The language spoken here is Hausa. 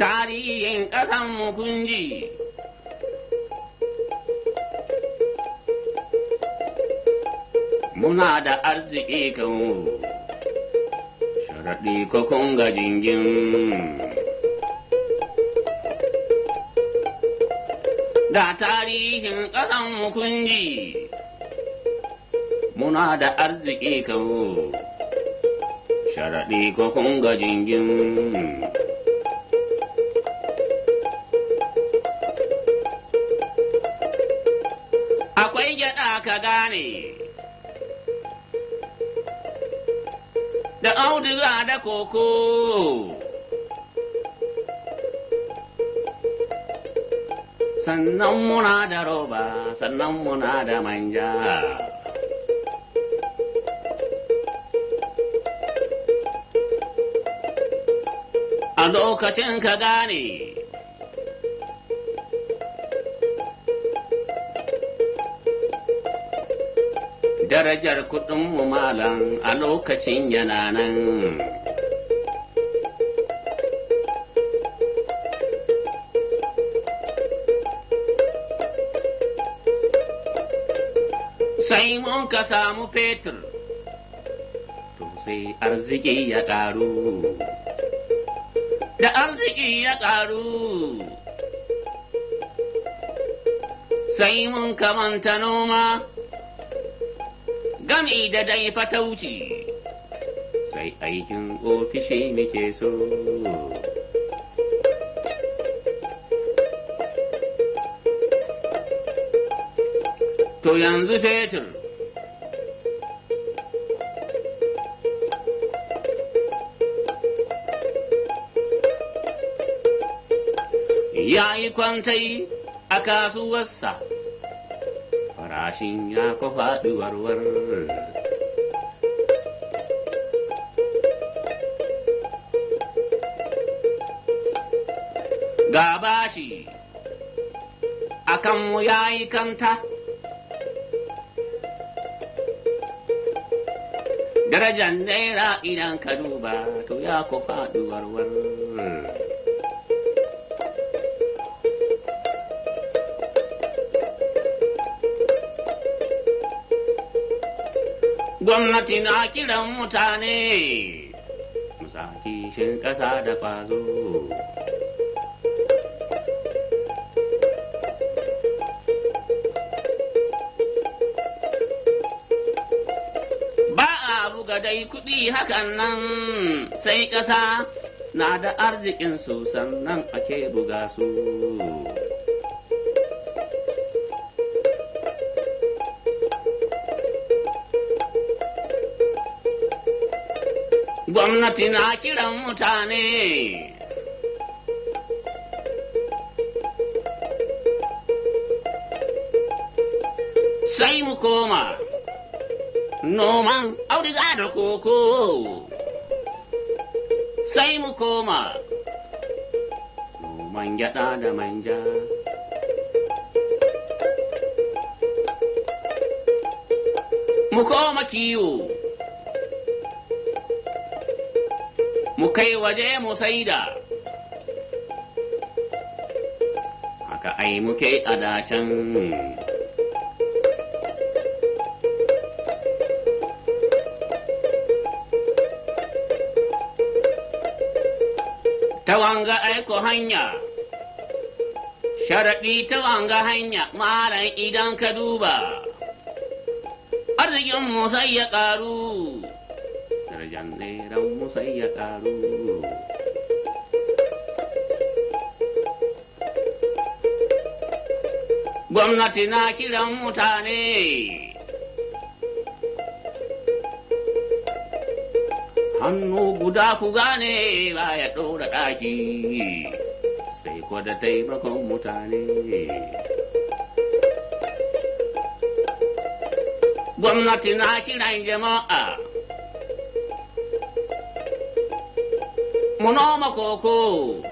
tarihin ƙasan ji. Muna da arziki kan sharaɗi kokon jingin. Da tarihin ƙasan ji, muna da arziki kan sharaɗi kokon jingin. za ka gane. Da auduga da koko. Sannan muna da roba, sannan muna da manja. A lokacin ka gane. darajar kuɗin mu malam a lokacin yana nan. Sai mun ka samu fetur, to sai arziki ya ƙaru. Da arziki ya ƙaru, sai mun ka manta noma. gami da dai fatauci sai aikin ofishi muke so to yanzu fetur ya yi kwantai a kasuwarsa Tashin ya ko faɗi warwar. Ga a kan wuya yi kanta, darajan naira idan ka duba to ya ko faɗi warwar. gwamnati na kiran mutane musaki ƙasa da kwazo ba a buga dai kuɗi hakan nan sai ƙasa na da arzikin su sannan ake buga su gwamnati na kiran mutane sai mu koma noman auduga da koko sai mu koma noman gyada da manja mu koma kiwo mu kai waje mu saida haka ai muke a ta wanga aiko hanya sharaɗi ta wanga hanya maran idan ka duba arzikin musai ya ƙaru darajan mu sai ya gwamnati na kiran mutane hannu guda ku gane ba ya ɗora ɗaki sai kwada taimakon mutane gwamnati na kiran jama'a Monomococo!